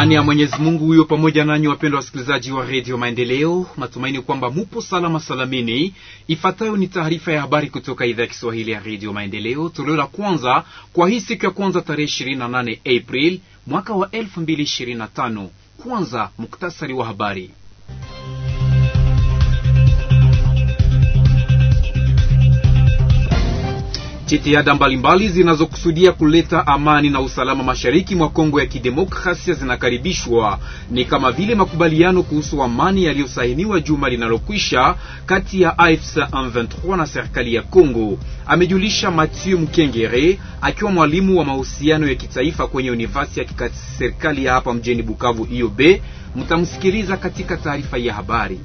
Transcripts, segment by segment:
Amani ya Mwenyezi Mungu huyo pamoja nanyi, wapendwa wasikilizaji wa Redio Maendeleo, matumaini kwamba mupo salama salamini. Ifuatayo ni taarifa ya habari kutoka idhaa ya Kiswahili ya Redio Maendeleo, toleo la kwanza kwa hii siku ya kwanza tarehe 28 April mwaka wa 2025. Kwanza muktasari wa habari. Jitihada mbalimbali zinazokusudia kuleta amani na usalama mashariki mwa Kongo ya Kidemokrasia zinakaribishwa, ni kama vile makubaliano kuhusu amani yaliyosainiwa juma linalokwisha kati ya AFC M23 na serikali ya Kongo, amejulisha Mathieu Mkengere akiwa mwalimu wa mahusiano ya kitaifa kwenye univasi ya serikali ya hapa mjini Bukavu IOB. Mtamsikiliza katika taarifa ya habari.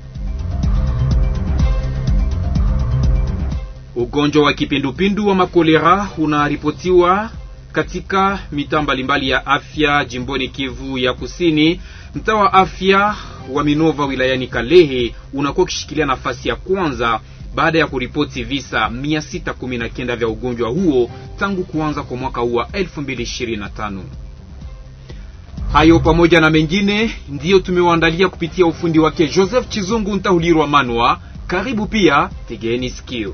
Ugonjwa wa kipindupindu wa makolera unaripotiwa katika mitaa mbalimbali ya afya jimboni Kivu ya Kusini. Mtaa wa afya wa Minova wilayani Kalehe unakuwa ukishikilia nafasi ya kwanza baada ya kuripoti visa 619 vya ugonjwa huo tangu kuanza kwa mwaka huu wa 2025. Hayo pamoja na mengine ndiyo tumewaandalia kupitia ufundi wake Joseph Chizungu Ntahulirwa Manwa. Karibu pia, tegeni sikio.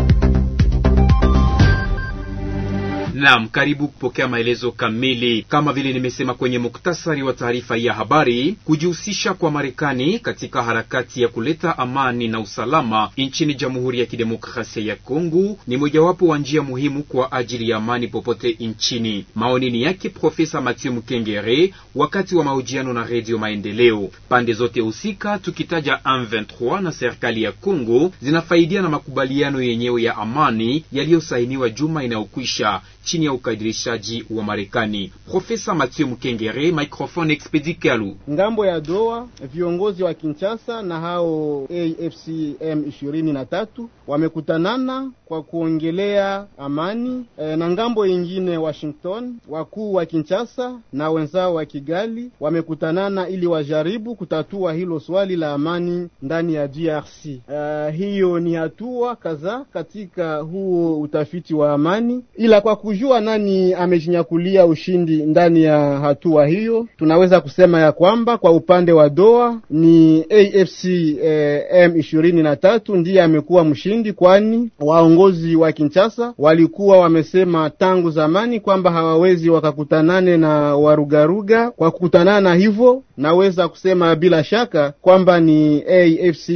Naam, karibu kupokea maelezo kamili. Kama vile nimesema kwenye muktasari wa taarifa ya habari, kujihusisha kwa Marekani katika harakati ya kuleta amani na usalama nchini Jamhuri ya Kidemokrasia ya Kongo ni mojawapo wa njia muhimu kwa ajili ya amani popote nchini. Maoni ni yake Profesa Mathieu Mkengere wakati wa mahojiano na Redio Maendeleo. Pande zote husika tukitaja M23 na serikali ya Kongo zinafaidia na makubaliano yenyewe ya amani yaliyosainiwa juma inayokwisha chini ya ukadirishaji wa Marekani. Profesa Mathieu Mkengere, microphone Expedi Kalu. Ngambo ya Doha, viongozi wa Kinshasa na hao AFCM ishirini wamekutanana kwa kuongelea amani e, na ngambo yingine Washington, wakuu wa Kinshasa na wenzao wa Kigali wamekutanana ili wajaribu kutatua hilo swali la amani ndani ya DRC. E, eh, hiyo ni hatua kadhaa katika huo utafiti wa amani ila kwa ku kujua nani amejinyakulia ushindi ndani ya hatua hiyo, tunaweza kusema ya kwamba kwa upande wa Doha ni AFC eh, M23 ndiye amekuwa mshindi, kwani waongozi wa Kinshasa walikuwa wamesema tangu zamani kwamba hawawezi wakakutanane na warugaruga. Kwa kukutanana hivyo, naweza kusema bila shaka kwamba ni AFC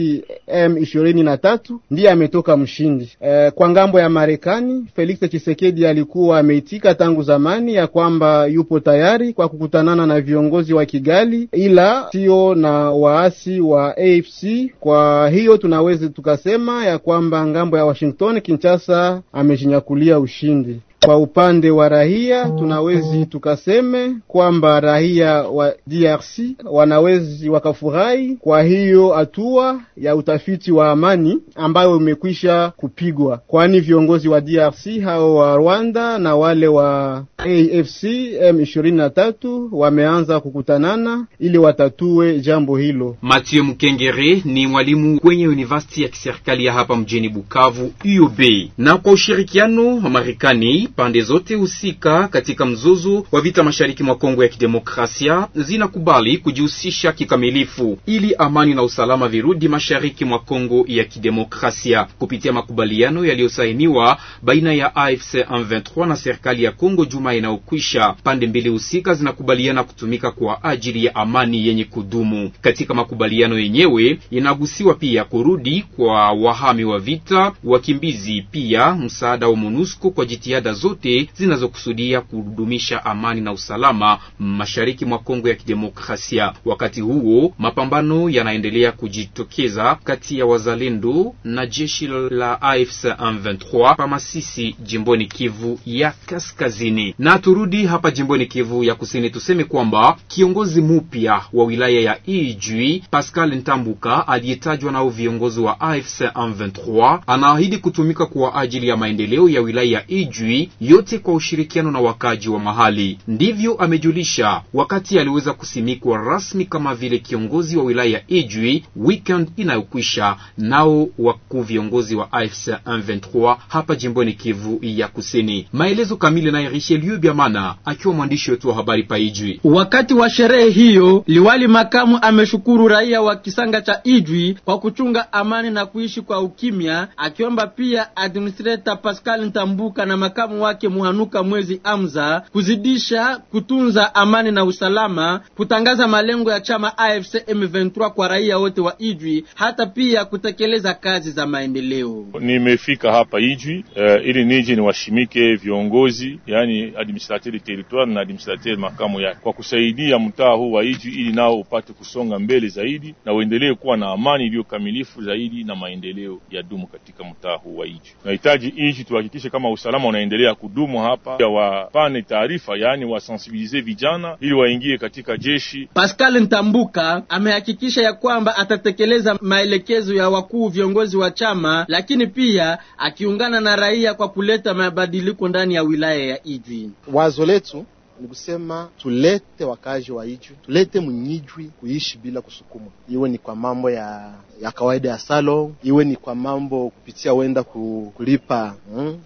M23 ndiye ametoka mshindi. Eh, kwa ngambo ya Marekani Felix Tshisekedi alikuwa alikuwa ameitika tangu zamani ya kwamba yupo tayari kwa kukutanana na viongozi wa Kigali, ila sio na waasi wa AFC. Kwa hiyo tunaweza tukasema ya kwamba ngambo ya Washington, Kinshasa amejinyakulia ushindi. Kwa upande wa raia tunawezi tukaseme kwamba raia wa DRC wanawezi wakafurahi kwa hiyo hatua ya utafiti wa amani ambayo imekwisha kupigwa, kwani viongozi wa DRC hao wa Rwanda na wale wa AFC M23 wameanza kukutanana ili watatue jambo hilo. Mathieu Mkengere ni mwalimu kwenye university ya kiserikali ya hapa mjini Bukavu UB, na kwa ushirikiano wa Marekani pande zote husika katika mzozo wa vita mashariki mwa Kongo ya Kidemokrasia zinakubali kujihusisha kikamilifu ili amani na usalama virudi mashariki mwa Kongo ya Kidemokrasia kupitia makubaliano yaliyosainiwa baina ya AFC M23 na serikali ya Kongo juma inayokwisha. Pande mbili husika zinakubaliana kutumika kwa ajili ya amani yenye kudumu. Katika makubaliano yenyewe inagusiwa pia kurudi kwa wahami wa vita, wakimbizi, pia msaada wa MONUSCO kwa jitihada zote zinazokusudia kudumisha amani na usalama mashariki mwa Kongo ya Kidemokrasia. Wakati huo mapambano yanaendelea kujitokeza kati ya wazalendo na jeshi la AFC M23 pa Masisi, jimboni Kivu ya Kaskazini. Na turudi hapa jimboni Kivu ya Kusini, tuseme kwamba kiongozi mpya wa wilaya ya Ijwi Pascal Ntambuka aliyetajwa nao viongozi wa AFC M23 anaahidi kutumika kwa ajili ya maendeleo ya wilaya ya Ijwi yote kwa ushirikiano na wakaji wa mahali. Ndivyo amejulisha wakati aliweza kusimikwa rasmi kama vile kiongozi wa wilaya ya Ijwi weekend inayokwisha, nao wakuu viongozi wa AFC M23 hapa jimboni Kivu ya Kusini. Maelezo kamili naye Richelieu Biamana akiwa mwandishi wetu wa habari pa Ijwi. Wakati wa sherehe hiyo, liwali makamu ameshukuru raia wa kisanga cha Ijwi kwa kuchunga amani na kuishi kwa ukimya, akiomba pia administrator Pascal Ntambuka na makamu makamu wake Muhanuka Mwezi Amza kuzidisha kutunza amani na usalama, kutangaza malengo ya chama AFC M23 kwa raia wote wa Ijwi, hata pia kutekeleza kazi za maendeleo. Nimefika hapa Ijwi uh, ili nije niwashimike viongozi, yani administrateur territoire na administrateur makamu yake kwa kusaidia mtaa huu wa Ijwi ili nao upate kusonga mbele zaidi na uendelee kuwa na amani iliyokamilifu zaidi na maendeleo ya dumu katika mtaa huu wa Ijwi. Tunahitaji Ijwi tuhakikishe kama usalama unaendelea ya kudumu hapa ya wapane taarifa, yaani wasensibilize vijana ili waingie katika jeshi. Pascal Ntambuka amehakikisha ya kwamba atatekeleza maelekezo ya wakuu viongozi wa chama, lakini pia akiungana na raia kwa kuleta mabadiliko ndani ya wilaya ya Ijwi. Wazo letu ni kusema tulete wakazi wa Ijwi, tulete mnyijwi kuishi bila kusukumwa, iwe ni kwa mambo ya, ya kawaida ya salon, iwe ni kwa mambo kupitia wenda kulipa mm,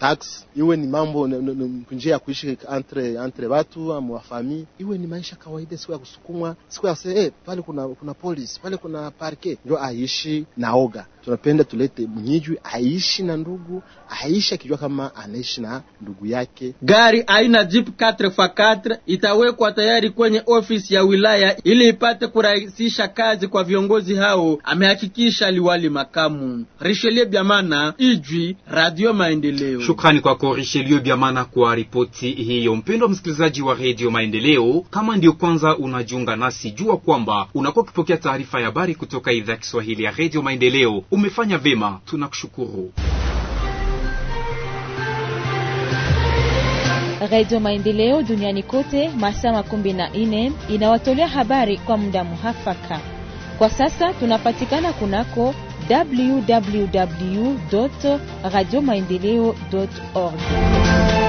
tax iwe ni mambo njia ya kuishi entre entre watu wa famille iwe ni maisha kawaida, siku ya kusukumwa, siku ya eh, pale kuna kuna polisi pale kuna parke, ndio aishi na oga Tunapenda tulete mnyijwi aishi na ndugu, aishi akijua kama anaishi na ndugu yake. Gari aina Jeep 4x4 itawekwa tayari kwenye ofisi ya wilaya ili ipate kurahisisha kazi kwa viongozi hao, amehakikisha liwali makamu Richelieu Biamana Ijwi Radio Maendeleo. Shukrani kwako Richelieu Biamana kwa ripoti hiyo. Mpendwa msikilizaji wa redio Maendeleo, kama ndiyo kwanza unajiunga nasi, jua kwamba unakuwa ukipokea taarifa ya habari kutoka idhaa ya Kiswahili ya redio Maendeleo. Umefanya vema, tunakushukuru. Redio Maendeleo duniani kote masaa makumi na nne inawatolea habari kwa muda muhafaka. Kwa sasa tunapatikana kunako www www.radiomaendeleo.org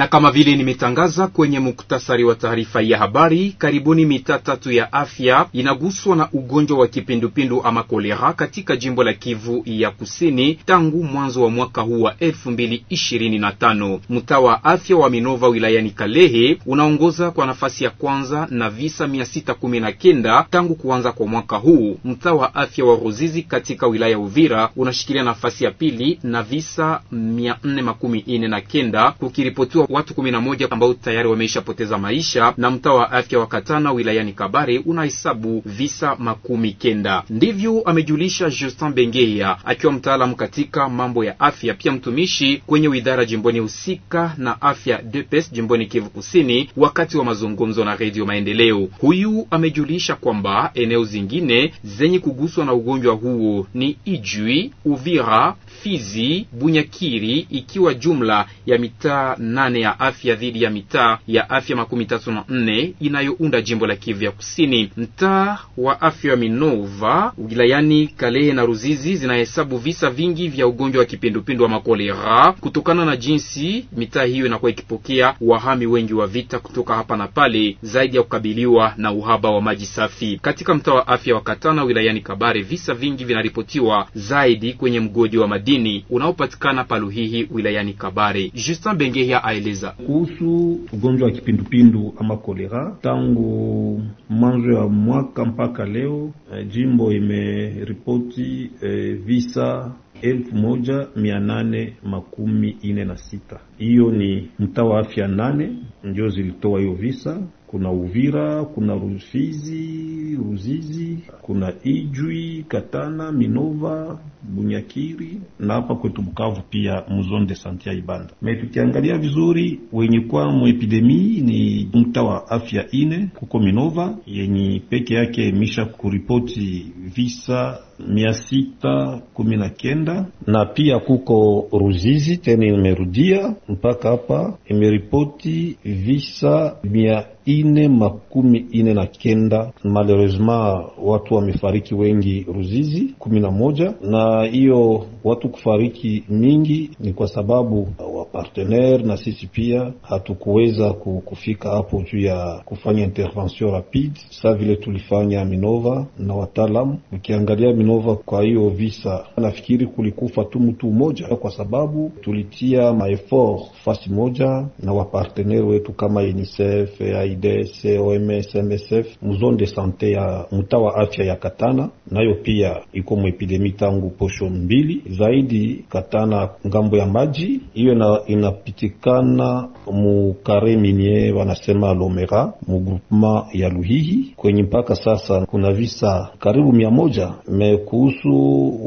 na kama vile nimetangaza kwenye muktasari wa taarifa ya habari, karibuni mitaa tatu ya afya inaguswa na ugonjwa wa kipindupindu ama kolera katika jimbo la Kivu ya Kusini tangu mwanzo wa mwaka huu wa 2025. Mtaa wa afya wa Minova wilayani Kalehe unaongoza kwa nafasi ya kwanza na visa 619 tangu kuanza kwa mwaka huu. Mtaa wa afya wa Ruzizi katika wilaya Uvira unashikilia nafasi ya pili na visa 449 kukiripotiwa watu kumi na moja ambao tayari wameishapoteza maisha, na mtaa wa afya wa Katana wilayani Kabare unahesabu visa makumi kenda. Ndivyo amejulisha Justin Bengeya akiwa mtaalamu katika mambo ya afya, pia mtumishi kwenye idara jimboni husika na afya depes jimboni Kivu Kusini, wakati wa mazungumzo na Redio Maendeleo. Huyu amejulisha kwamba eneo zingine zenye kuguswa na ugonjwa huo ni Ijwi, Uvira, Fizi, Bunyakiri, ikiwa jumla ya mitaa nane ya afya dhidi ya mitaa ya afya makumi tatu na nne inayounda jimbo la Kivu ya Kusini. Mtaa wa afya wa Minova wilayani Kalehe na Ruzizi zinahesabu visa vingi vya ugonjwa wa kipindupindu wa makolera kutokana na jinsi mitaa hiyo inakuwa ikipokea wahami wengi wa vita kutoka hapa na pale, zaidi ya kukabiliwa na uhaba wa maji safi. Katika mtaa wa afya wa Katana wilayani Kabare, visa vingi vinaripotiwa zaidi kwenye mgodi wa madini unaopatikana Paluhihi wilayani Kabare. Justin Bengehia anaeleza kuhusu ugonjwa wa kipindupindu ama kolera. Tangu mwanzo ya mwaka mpaka leo, eh, jimbo imeripoti eh, visa elfu moja mia nane makumi ine na sita. Hiyo ni mtaa wa afya nane ndio zilitoa hiyo visa. Kuna Uvira, kuna Rufizi, Ruzizi, kuna Ijwi, Katana, Minova, Bunyakiri na hapa kwetu Bukavu pia mzone de santia Ibanda. Me tukiangalia vizuri, wenye kwa muepidemii ni mta wa afya ine kuko Minova yenye peke yake imesha kuripoti visa mia sita kumi na kenda na pia kuko Ruzizi tena imerudia mpaka hapa imeripoti wie Wichser mir ine makumi ine na kenda. Malheureusement watu wamefariki wengi Ruzizi kumi na moja, na hiyo watu kufariki mingi ni kwa sababu wa partenaire na sisi pia hatukuweza kufika hapo juu ya kufanya intervention rapide sa vile tulifanya Minova na wataalamu. Ukiangalia Minova kwa hiyo visa, nafikiri kulikufa tu mtu mmoja, kwa sababu tulitia maefort fasi moja na wapartenere wetu kama UNICEF, AID OMS, OMS, MSF mu de sante ya mtaa wa afya ya Katana, nayo pia iko mu epidemi tangu posho mbili zaidi. Katana ngambo ya maji hiyo inapitikana mu kare wanasema Lomera mu groupement ya Luhihi kwenye mpaka sasa kuna visa karibu mia moja. Me kuhusu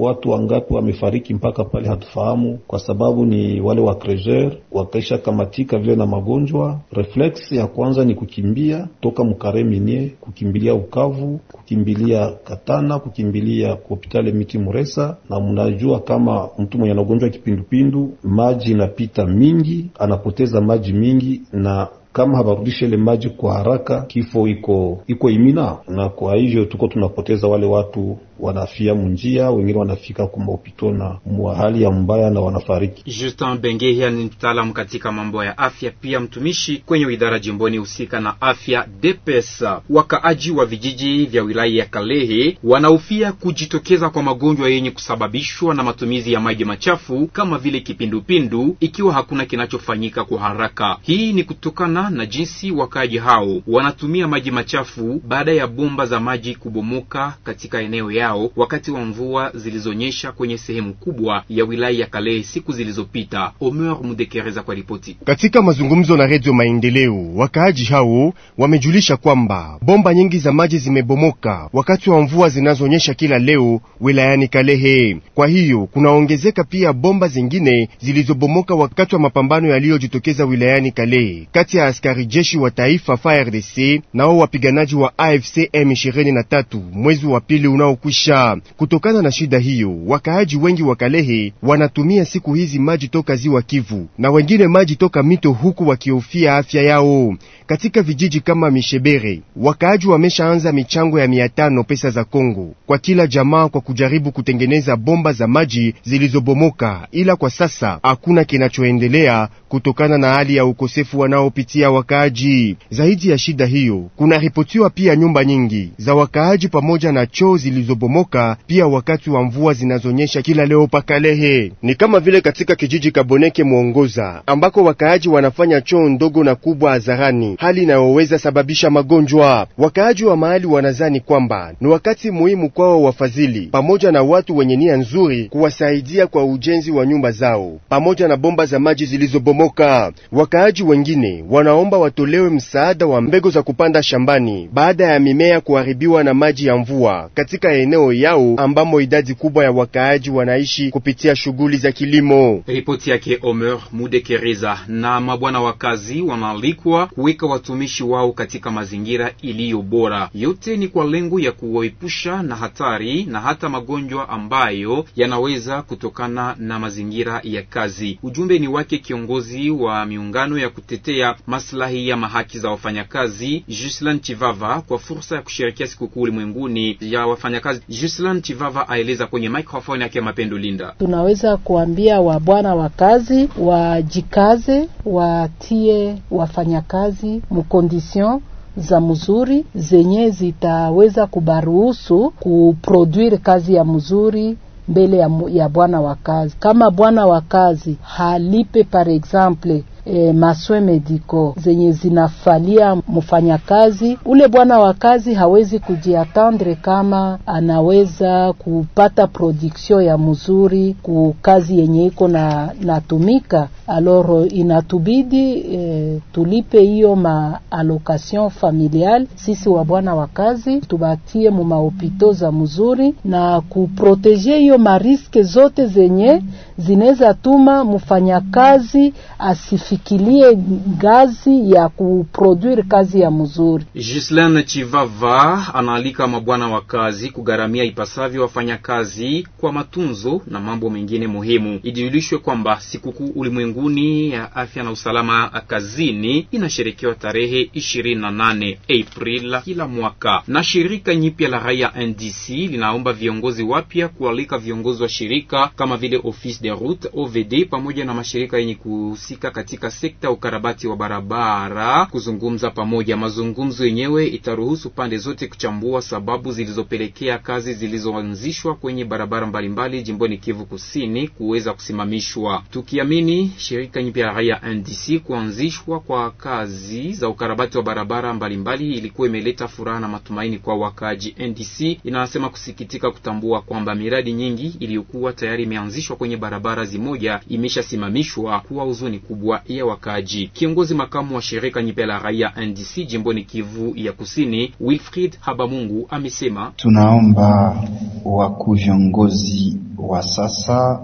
watu wangapi wamefariki mpaka pale hatufahamu, kwa sababu ni wale wa krejer wakaisha kamatika vile na magonjwa reflex ya kwanza ni kukimbia toka Mukare Minie, kukimbilia Ukavu, kukimbilia Katana, kukimbilia hospitali Miti Muresa. Na mnajua kama mtu mwenye anagonjwa kipindupindu, maji inapita mingi, anapoteza maji mingi na kama habarudishe ile maji kwa haraka, kifo iko iko imina, na kwa hivyo tuko tunapoteza wale watu wanafia munjia, wengine wanafika kumopito na mwa hali ya mbaya na wanafariki. Justin Bengehia ni mtaalamu katika mambo ya afya, pia mtumishi kwenye idara jimboni husika na afya DPS. Wakaaji wa vijiji vya wilaya ya Kalehe wanaofia kujitokeza kwa magonjwa yenye kusababishwa na matumizi ya maji machafu kama vile kipindupindu, ikiwa hakuna kinachofanyika kwa haraka. Hii ni kutokana na jinsi wakaaji hao wanatumia maji machafu baada ya bomba za maji kubomoka katika eneo ya yao wakati wa mvua zilizonyesha kwenye sehemu kubwa ya wilaya ya Kalehe siku zilizopita. Omer Mudekereza kwa ripoti. Katika mazungumzo na Redio Maendeleo, wakaaji hao wamejulisha kwamba bomba nyingi za maji zimebomoka wakati wa mvua zinazonyesha kila leo wilayani Kalehe. Kwa hiyo kunaongezeka pia bomba zingine zilizobomoka wakati wa mapambano yaliyojitokeza wilayani Kalehe kati ya askari jeshi wa taifa FARDC nao wapiganaji wa AFC M23 mwezi wa pili unaokwisha kwisha. Kutokana na shida hiyo, wakaaji wengi wa Kalehe wanatumia siku hizi maji toka ziwa Kivu na wengine maji toka mito, huku wakihofia afya yao. Katika vijiji kama Mishebere, wakaaji wameshaanza michango ya mia tano pesa za Kongo kwa kila jamaa kwa kujaribu kutengeneza bomba za maji zilizobomoka, ila kwa sasa hakuna kinachoendelea kutokana na hali ya ukosefu wanaopitia wakaaji. Zaidi ya shida hiyo, kunaripotiwa pia nyumba nyingi za wakaaji pamoja na choo zilizobomoka pia wakati wa mvua zinazonyesha kila leo pakalehe. Ni kama vile katika kijiji Kaboneke Mwongoza ambako wakaaji wanafanya choo ndogo na kubwa hadharani, hali inayoweza sababisha magonjwa. Wakaaji wa mahali wanazani kwamba ni wakati muhimu kwao wafadhili pamoja na watu wenye nia nzuri kuwasaidia kwa ujenzi wa nyumba zao pamoja na bomba za maji zilizobomoka kubomoka. Wakaaji wengine wanaomba watolewe msaada wa mbegu za kupanda shambani baada ya mimea kuharibiwa na maji ya mvua katika eneo yao ambamo idadi kubwa ya wakaaji wanaishi kupitia shughuli za kilimo. Ripoti yake Omer Mudekereza. Na mabwana wakazi wanaalikwa kuweka watumishi wao katika mazingira iliyo bora. Yote ni kwa lengo ya kuwaepusha na hatari na hata magonjwa ambayo yanaweza kutokana na mazingira ya kazi. Ujumbe ni wake kiongozi mkurugenzi wa miungano ya kutetea maslahi ya mahaki za wafanyakazi Juslan Chivava kwa fursa ya kusherekea sikukuu ulimwenguni ya wafanyakazi. Juslan Chivava aeleza kwenye microphone yake ya Mapendo Linda. Tunaweza kuambia wabwana wa kazi wajikaze, watie wafanyakazi mkondision za mzuri zenye zitaweza kubaruhusu kuproduire kazi ya mzuri mbele ya, ya bwana wa kazi. Kama bwana wa kazi halipe par exemple e, maswe mediko zenye zinafalia mfanyakazi ule bwana wa kazi hawezi kujiatendre kama anaweza kupata production ya mzuri ku kazi yenye iko na natumika, aloro inatubidi e, tulipe hiyo ma allocation familiale. Sisi wa bwana wa kazi tubakie mu mahopito za mzuri na kuproteje hiyo mariske zote zenye zinaweza tuma mfanyakazi asifi ashikilie ngazi ya kuproduire kazi ya mzuri. Gislaine Chivava anaalika mabwana wa kazi kugharamia ipasavyo wafanyakazi kwa matunzo na mambo mengine muhimu. Ijulishwe kwamba sikukuu ulimwenguni ya afya na usalama kazini inasherekewa tarehe 28 April kila mwaka, na shirika nyipya la raia NDC linaomba viongozi wapya kualika viongozi wa shirika kama vile Office de Route, OVD pamoja na mashirika yenye kuhusika katika katika sekta ya ukarabati wa barabara kuzungumza pamoja. Mazungumzo yenyewe itaruhusu pande zote kuchambua sababu zilizopelekea kazi zilizoanzishwa kwenye barabara mbalimbali jimboni Kivu Kusini kuweza kusimamishwa, tukiamini shirika nyipya ya NDC kuanzishwa kwa kazi za ukarabati wa barabara mbalimbali ilikuwa imeleta furaha na matumaini kwa wakaaji. NDC inasema kusikitika kutambua kwamba miradi nyingi iliyokuwa tayari imeanzishwa kwenye barabara zimoja imeshasimamishwa, kuwa huzuni kubwa ya wakaaji. Kiongozi makamu wa shirika Nyipe la Raia NDC jimboni Kivu ya Kusini, Wilfried Habamungu amesema, tunaomba wakuu viongozi wa sasa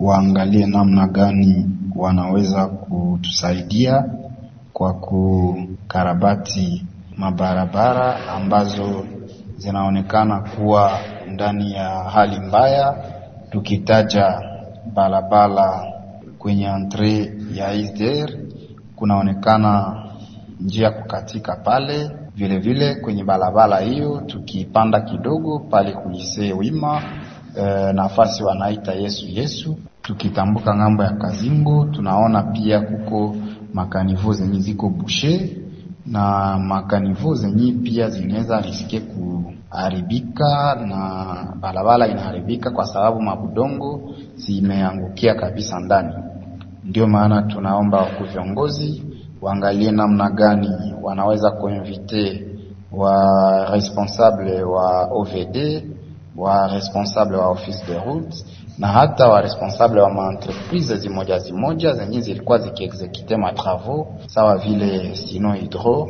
waangalie namna gani wanaweza kutusaidia kwa kukarabati mabarabara ambazo zinaonekana kuwa ndani ya hali mbaya, tukitaja barabara kwenye antre ya ISDR kunaonekana njia kukatika pale vilevile vile, kwenye barabara hiyo tukipanda kidogo pale kulise wima e, nafasi wanaita Yesu Yesu. Tukitambuka ng'ambo ya Kazingo tunaona pia kuko makanivo zenye ziko bushe na makanivo zenye pia zinaweza riske kuharibika, na barabara inaharibika kwa sababu mabudongo zimeangukia kabisa ndani ndio maana tunaomba kwa viongozi waangalie namna gani wanaweza kuinvite wa responsable wa OVD wa responsable wa office de route na hata wa responsable wa maentreprise zimoja zimoja zenye zilikuwa zikiexekute matravaux sawa vile Sino Hydro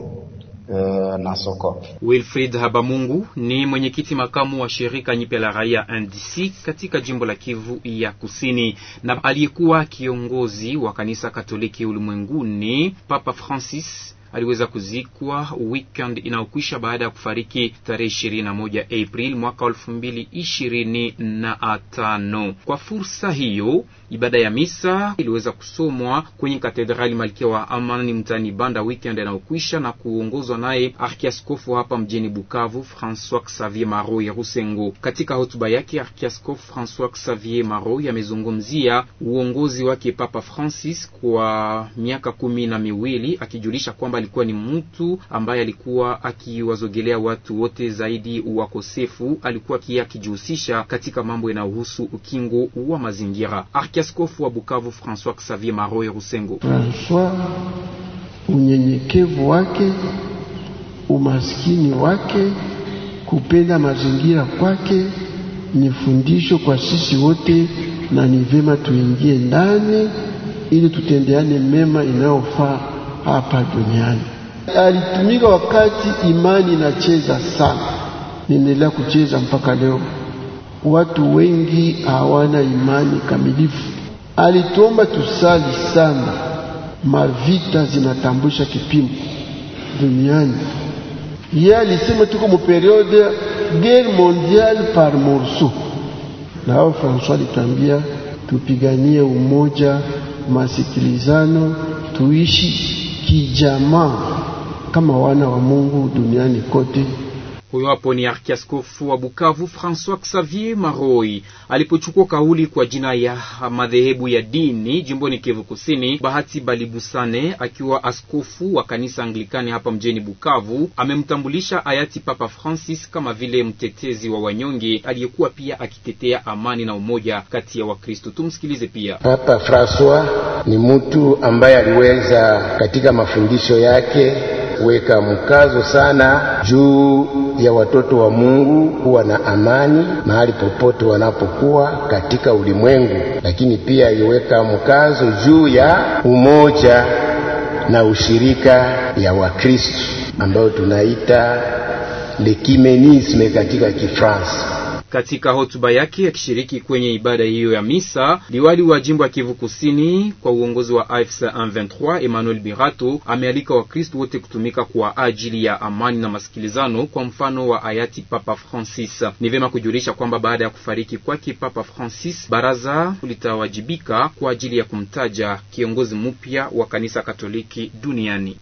Eh, na soko. Wilfried Habamungu ni mwenyekiti makamu wa shirika nyipe la raia NDC katika jimbo la Kivu ya Kusini, na aliyekuwa kiongozi wa kanisa Katoliki ulimwenguni Papa Francis aliweza kuzikwa weekend inayokwisha baada ya kufariki tarehe 21 na moja Aprili mwaka 2025. ishirini na tano. Kwa fursa hiyo ibada ya misa iliweza kusomwa kwenye katedrali Malkia wa Amani mtani Banda weekend inayokwisha na kuongozwa naye arkiaskofu hapa mjini Bukavu Francois Xavier Maroy Rusengo. Katika hotuba yake arkiaskofu Francois Xavier Maroy amezungumzia uongozi wake Papa Francis kwa miaka kumi na miwili akijulisha kwamba alikuwa ni mtu ambaye alikuwa akiwazogelea watu wote, zaidi wakosefu. Alikuwa kia akijihusisha katika mambo yanayohusu ukingo wa mazingira. Arkiaskofu wa Bukavu François Xavier Maroy Rusengo. unyenyekevu wake, umaskini wake, kupenda mazingira kwake ni fundisho kwa sisi wote, na ni vema tuingie ndani ili tutendeane mema inayofaa hapa duniani. Alitumika wakati imani inacheza sana, niendelea kucheza mpaka leo. Watu wengi hawana imani kamilifu. Alituomba tusali sana, mavita zinatambusha kipimo duniani. Yeye alisema tuko muperiode guerre mondiale par morceau, na hao François alituambia tupiganie umoja, masikilizano, tuishi kijamaa kama wana wa Mungu duniani kote. Huyo hapo ni arkiaskofu wa Bukavu Francois Xavier Maroi alipochukua kauli kwa jina ya madhehebu ya dini jimboni Kivu Kusini. Bahati Balibusane akiwa askofu wa kanisa Anglikani hapa mjini Bukavu amemtambulisha hayati Papa Francis kama vile mtetezi wa wanyonge aliyekuwa pia akitetea amani na umoja kati ya Wakristo. Tumsikilize. Pia Papa Francois ni mtu ambaye aliweza katika mafundisho yake kuweka mkazo sana juu ya watoto wa Mungu kuwa na amani mahali popote wanapokuwa katika ulimwengu, lakini pia iweka mkazo juu ya umoja na ushirika ya Wakristo ambayo tunaita lekimenisme katika Kifaransa. Katika hotuba yake akishiriki kwenye ibada hiyo ya misa, liwali wa jimbo ya Kivu Kusini kwa uongozi wa AFC M23 Emmanuel Birato amealika Wakristo wote kutumika kwa ajili ya amani na masikilizano, kwa mfano wa hayati Papa Francis. Ni vyema kujulisha kwamba baada ya kufariki kwake Papa Francis, baraza litawajibika kwa ajili ya kumtaja kiongozi mpya wa kanisa Katoliki duniani.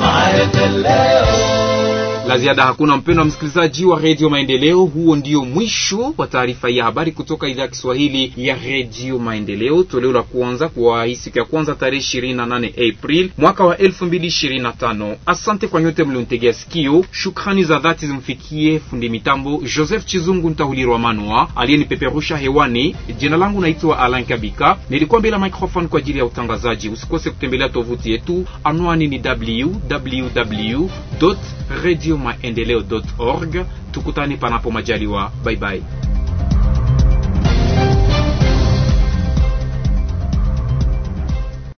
Maendeleo la ziada hakuna. Mpendo wa msikilizaji wa Redio Maendeleo, huo ndio mwisho wa taarifa ya habari kutoka idhaa ya Kiswahili ya Redio Maendeleo, toleo la kwanza kwa hii siku ya kwanza tarehe 28 April mwaka wa 2025. Asante kwa nyote mliontegea sikio. Shukrani za dhati zimfikie fundi mitambo Joseph Chizungu Ntahulirwa Manwa aliyenipeperusha hewani. Jina langu naitwa Alan Kabika, nilikuwa bila microphone kwa ajili ya utangazaji. Usikose kutembelea tovuti yetu, anwani ni www radio maendeleo.org. Tukutane panapo majaliwa. bye bye.